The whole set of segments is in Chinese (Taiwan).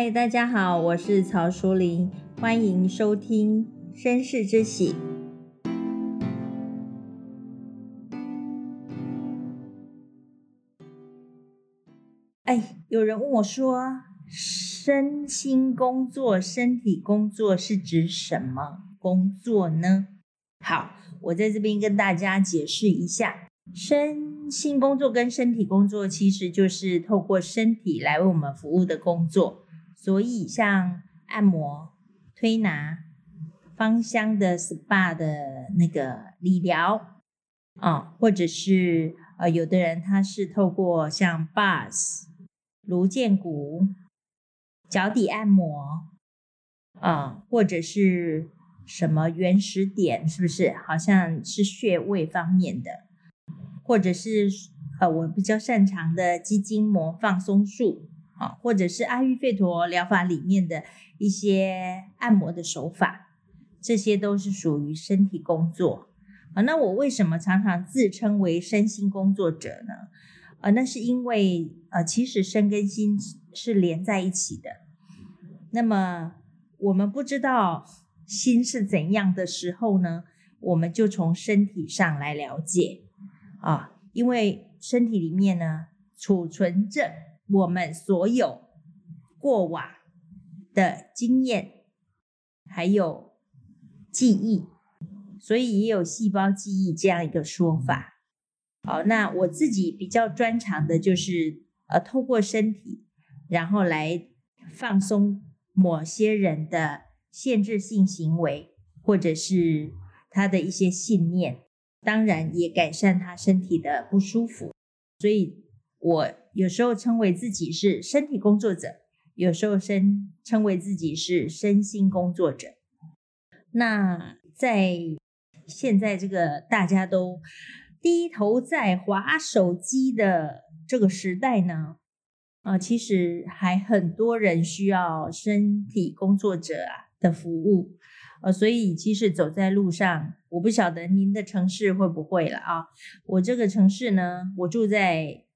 嗨，大家好，我是曹淑玲，歡迎收聽《身世之喜》。哎，有人問我說，身心工作、身體工作是指什麼工作呢？好，我在這邊跟大家解釋一下，身心工作跟身體工作其實就是透過身體來為我們服務的工作。所以，像按摩、推拿、芳香的 SPA 的那個理療，啊、嗯，或者是呃，有的人他是透過像 bars、路見骨、腳底按摩，啊、嗯，或者是什麼原始點，是不是？好像是穴位方面的，或者是呃，我比較擅長的肌筋膜放鬆術。啊，或者是阿育吠陀療法裡面的一些按摩的手法，這些都是屬於身體工作。啊，那我為什麼常常自稱為身心工作者呢？啊，那是因為呃、啊，其實身跟心是連在一起的。那麼我們不知道心是怎樣的時候呢，我們就從身體上來了解。啊，因為身體裡面呢，儲存着。我們所有過往的經驗，還有記憶，所以也有細胞記憶這樣一個說法。好，那我自己比較專長的就是，呃，透過身體，然後來放鬆某些人的限制性行為，或者是他的一些信念，當然也改善他身體的不舒服，所以。我有時候稱為自己是身體工作者，有時候身稱為自己是身心工作者。那在現在這個大家都低頭在滑手機的這個時代呢，啊、呃，其實還很多人需要身體工作者啊的服務，呃，所以其實走在路上，我不曉得您的城市會不會了啊？我這個城市呢，我住在。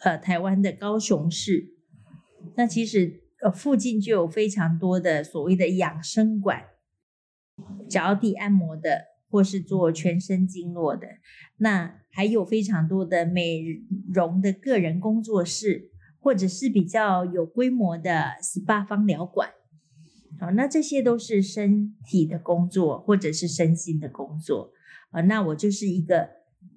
呃，台灣的高雄市，那其實、呃、附近就有非常多的所謂的養生館，腳底按摩的，或是做全身經絡的，那還有非常多的美容的個人工作室，或者是比較有規模的 SPA 芳療館。好、呃，那這些都是身體的工作，或者是身心的工作。啊、呃，那我就是一個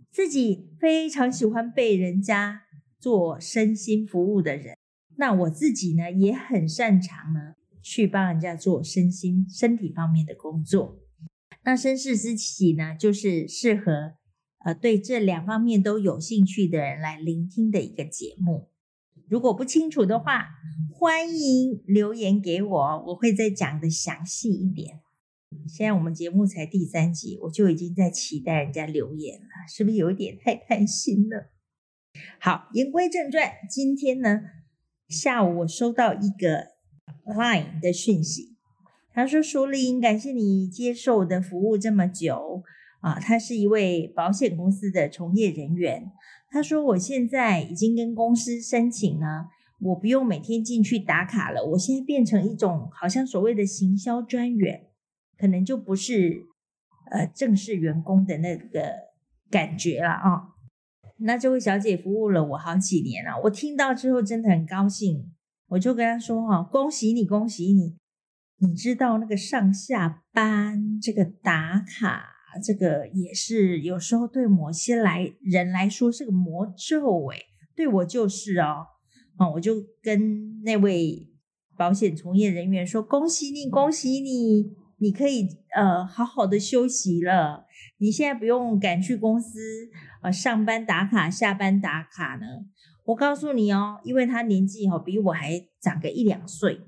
自己非常喜歡被人家。做身心服務的人，那我自己呢也很擅長呢，去幫人家做身心身體方面的工作。那「身世之喜」呢，就是適合呃對這兩方面都有興趣的人來聆聽的一個節目。如果不清楚的話，歡迎留言給我，我會再講得詳細一點。現在我們節目才第三集，我就已經在期待人家留言了，是不是有點太貪心了？好，言歸正傳，今天呢，下午我收到一個 Line 的訊息，他說：“淑玲，感謝你接受我的服務這麼久啊。”他是一位保險公司的從業人員，他說：“我現在已經跟公司申請了，我不用每天進去打卡了，我現在變成一種好像所謂的行銷專員，可能就不是呃正式員工的那個感覺了啊。”那這位小姐服務了我好幾年了、啊，我聽到之後真的很高興，我就跟她說、啊：“哈，恭喜你，恭喜你！你知道那個上下班這個打卡，這個也是有時候對某些來人來說是個魔咒誒，對我就是哦，啊，我就跟那位保險從業人員說：恭喜你，恭喜你。”你可以呃好好的休息了，你現在不用趕去公司呃上班打卡，下班打卡呢。我告訴你哦，因為他年紀哈、哦、比我還長個一兩歲，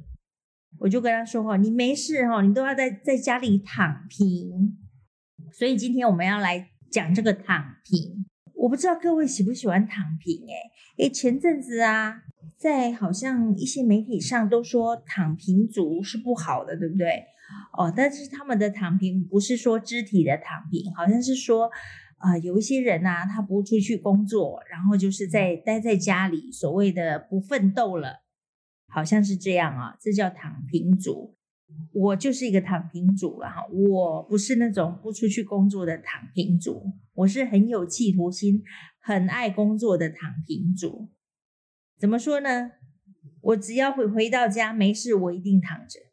我就跟他說哈，你沒事哈、哦，你都要在在家裡躺平。所以今天我們要來講這個躺平，我不知道各位喜不喜歡躺平誒誒，前陣子啊，在好像一些媒體上都說躺平族是不好的，對不對？哦，但是他們的躺平不是說肢體的躺平，好像是說，啊、呃，有一些人啊，他不出去工作，然後就是在待在家裡，所謂的不奮鬥了，好像是這樣啊，這叫躺平族。我就是一個躺平族了，哈，我不是那種不出去工作的躺平族，我是很有企圖心、很愛工作的躺平族。怎麼說呢？我只要回回到家沒事，我一定躺着。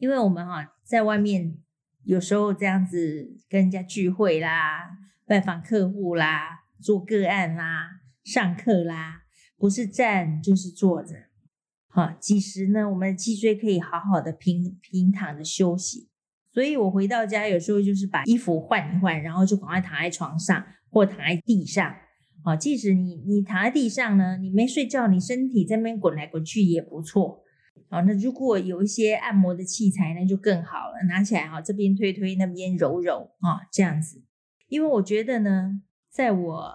因為我們哈、啊、在外面有時候這樣子跟人家聚會啦、拜訪客戶啦、做個案啦、上課啦，不是站就是坐着。哈、啊，其實呢，我們的脊椎可以好好的平平躺着休息。所以我回到家有時候就是把衣服換一換，然後就趕快躺在床上或躺在地上。啊，即使你你躺在地上呢，你沒睡覺，你身體在那邊滾來滾去也不錯。好、哦，那如果有一些按摩的器材呢，那就更好了。拿起來哈、哦，這邊推推，那邊揉揉啊，這樣子。因為我覺得呢，在我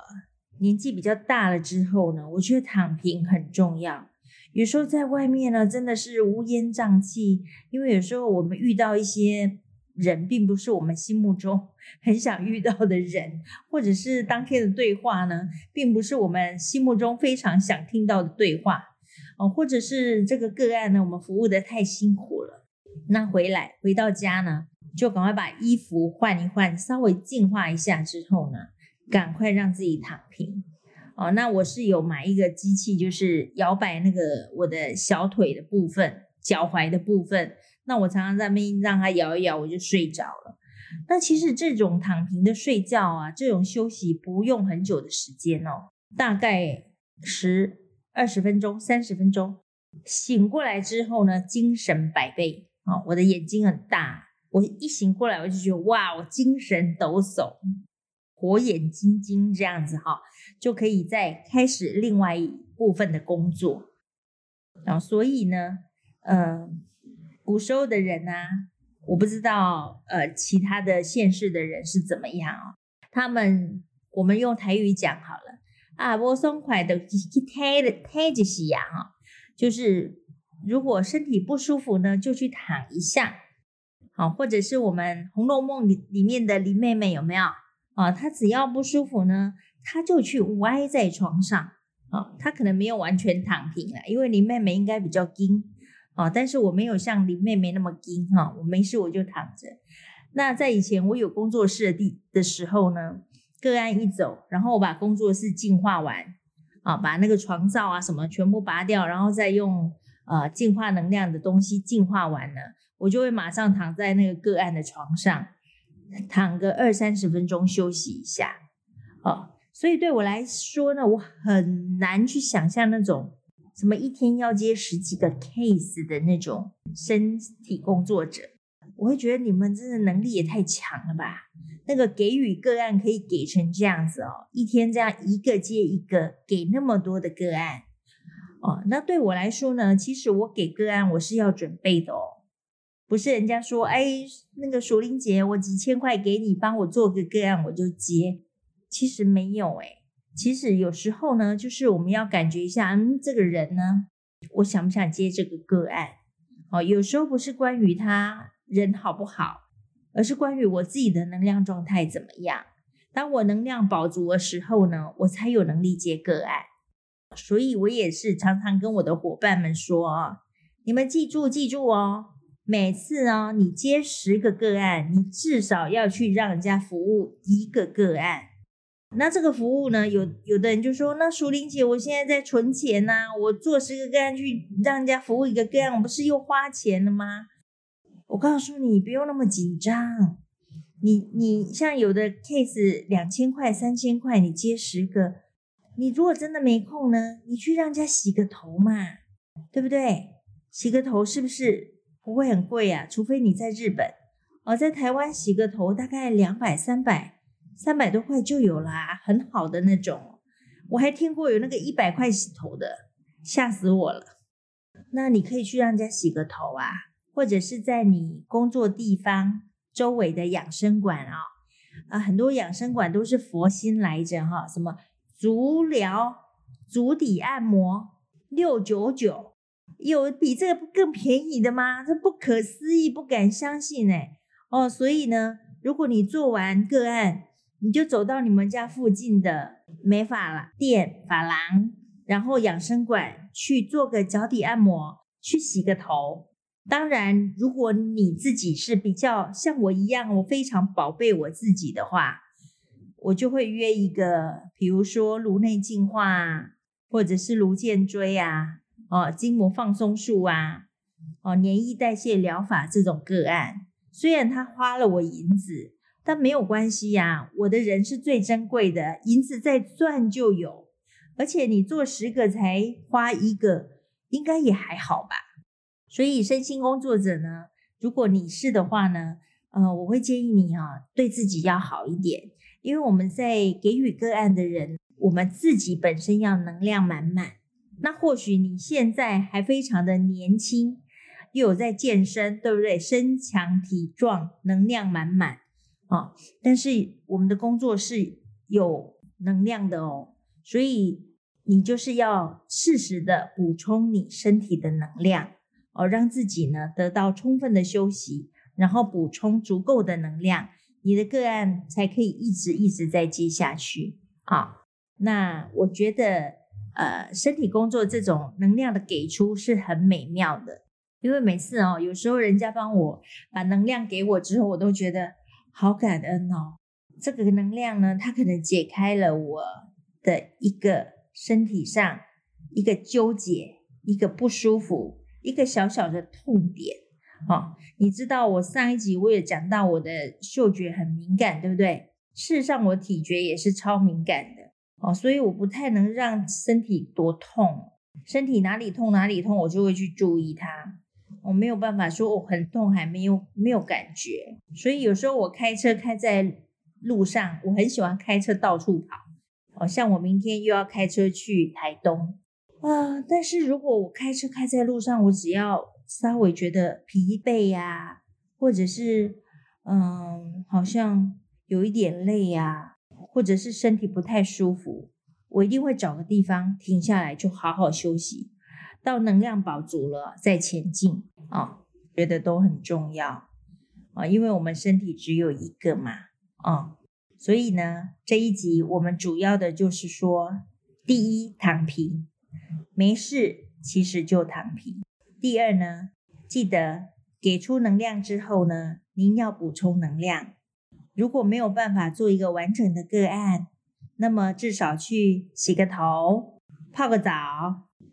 年紀比較大了之後呢，我覺得躺平很重要。有時候在外面呢，真的是烏煙瘴氣。因為有時候我們遇到一些人，並不是我們心目中很想遇到的人，或者是當天的對話呢，並不是我們心目中非常想聽到的對話。哦，或者是這個個案呢，我們服務得太辛苦了。那回來回到家呢，就趕快把衣服換一換，稍微淨化一下之後呢，趕快讓自己躺平。哦，那我是有買一個機器，就是搖擺那個我的小腿的部分、腳踝的部分。那我常常在那邊讓它搖一搖，我就睡着了。那其實這種躺平的睡覺啊，這種休息不用很久的時間哦，大概十。二十分鐘、三十分鐘，醒過來之後呢，精神百倍啊、哦！我的眼睛很大，我一醒過來，我就覺得哇，我精神抖擻，火眼金睛這樣子哈、哦，就可以再開始另外一部分的工作。啊、哦，所以呢，呃，古時候的人呢、啊，我不知道呃其他的現世的人是怎麼樣啊、哦，他們我們用台語講好了。啊，我鬆快的泰的泰就是呀哈，就是如果身體不舒服呢，就去躺一下，好，或者是我們《紅樓夢》裡裡面的林妹妹有沒有啊、哦？她只要不舒服呢，她就去歪在床上，啊、哦，她可能沒有完全躺平了，因為林妹妹應該比較筋，啊、哦，但是我沒有像林妹妹那麼筋哈、哦，我沒事我就躺着。那在以前我有工作室的的時候呢。個案一走，然後我把工作室淨化完，啊，把那個床罩啊什麼全部拔掉，然後再用啊呃、淨化能量的東西淨化完了，我就會馬上躺在那個個案的床上，躺個二三十分鐘休息一下。哦，所以對我來說呢，我很難去想象那種什麼一天要接十幾個 case 的那種身體工作者，我會覺得你們真的能力也太強了吧。那個給予個案可以給成這樣子哦，一天這樣一個接一個給那麼多的個案，哦，那對我來說呢，其實我給個案我是要準備的哦，不是人家說哎，那個熟林姐，我幾千塊給你，幫我做個個案我就接，其實沒有哎，其實有時候呢，就是我們要感覺一下，嗯，這個人呢，我想不想接這個個案，哦，有時候不是關於他人好不好。而是關於我自己的能量狀態怎麼樣。當我能量飽足的時候呢，我才有能力接個案。所以我也是常常跟我的夥伴們說啊，你們記住記住哦，每次哦，你接十個個案，你至少要去讓人家服務一個個案。那這個服務呢，有有的人就說，那淑玲姐，我現在在存錢呢、啊，我做十個個案去讓人家服務一個個案，我不是又花錢了嗎？我告訴你，不用那麼緊張。你你像有的 case 兩千塊、三千塊，你接十個。你如果真的沒空呢，你去讓家洗個頭嘛，對不對？洗個頭是不是不會很貴啊？除非你在日本哦，在台灣洗個頭大概兩百、三百、三百多塊就有啦、啊，很好的那種。我還聽過有那個一百塊洗頭的，嚇死我了。那你可以去讓家洗個頭啊。或者是在你工作地方周圍的養生館啊，啊，很多養生館都是佛心來着哈、啊，什麼足療、足底按摩六九九，699，有比這個不更便宜的嗎？這不可思議，不敢相信哎、欸、哦，所以呢，如果你做完個案，你就走到你們家附近的美髮了店、髮廊，然後養生館去做個腳底按摩，去洗個頭。當然，如果你自己是比較像我一樣，我非常寶貝我自己的話，我就會約一個，比如說顱內淨化，或者是顱薦椎啊，哦，筋膜放鬆術啊，哦，免疫代謝療法這種個案。雖然他花了我銀子，但沒有關係呀、啊，我的人是最珍貴的，銀子再賺就有。而且你做十個才花一個，應該也還好吧。所以，身心工作者呢，如果你是的話呢，呃，我會建議你哈，對自己要好一點，因為我們在給予個案的人，我們自己本身要能量滿滿。那或許你現在還非常的年輕，又有在健身，對不對？身強體壯，能量滿滿啊。但是我們的工作是有能量的哦，所以你就是要適時的補充你身體的能量。哦，讓自己呢得到充分的休息，然後補充足夠的能量，你的個案才可以一直一直在接下去啊、哦。那我覺得，呃，身體工作這種能量的給出是很美妙的，因為每次哦，有時候人家幫我把能量給我之後，我都覺得好感恩哦。這個能量呢，它可能解開了我的一個身體上一個糾結，一個不舒服。一個小小的痛點啊、哦，你知道我上一集我也講到我的嗅覺很敏感，對不對？事實上我體覺也是超敏感的哦，所以我不太能讓身體多痛，身體哪裡痛哪裡痛我就會去注意它，我沒有辦法說我很痛還沒有沒有感覺，所以有時候我開車開在路上，我很喜歡開車到處跑好、哦、像我明天又要開車去台東。啊、呃，但是如果我開車開在路上，我只要稍微覺得疲憊呀、啊，或者是嗯，好像有一點累呀、啊，或者是身體不太舒服，我一定會找個地方停下來，就好好休息，到能量飽足了再前進啊、哦，覺得都很重要啊、哦，因為我們身體只有一個嘛，啊、哦，所以呢，這一集我們主要的就是說，第一躺平。沒事，其實就躺平。第二呢，記得給出能量之後呢，您要補充能量。如果沒有辦法做一個完整的個案，那麼至少去洗個頭、泡個澡、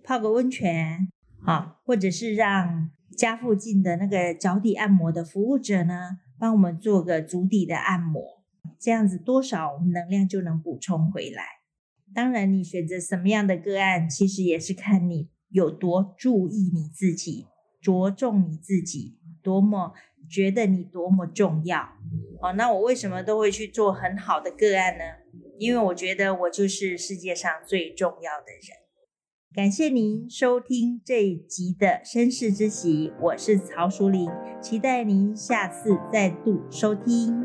泡個，泡個溫泉啊，或者是讓家附近的那個腳底按摩的服務者呢，幫我們做個足底的按摩，這樣子多少我們能量就能補充回來。當然，你選擇什麼樣的個案，其實也是看你有多注意你自己，着重你自己，多麼覺得你多麼重要。哦，那我為什麼都會去做很好的個案呢？因為我覺得我就是世界上最重要的人。感謝您收聽這一集的《身世之喜》，我是曹淑玲，期待您下次再度收聽。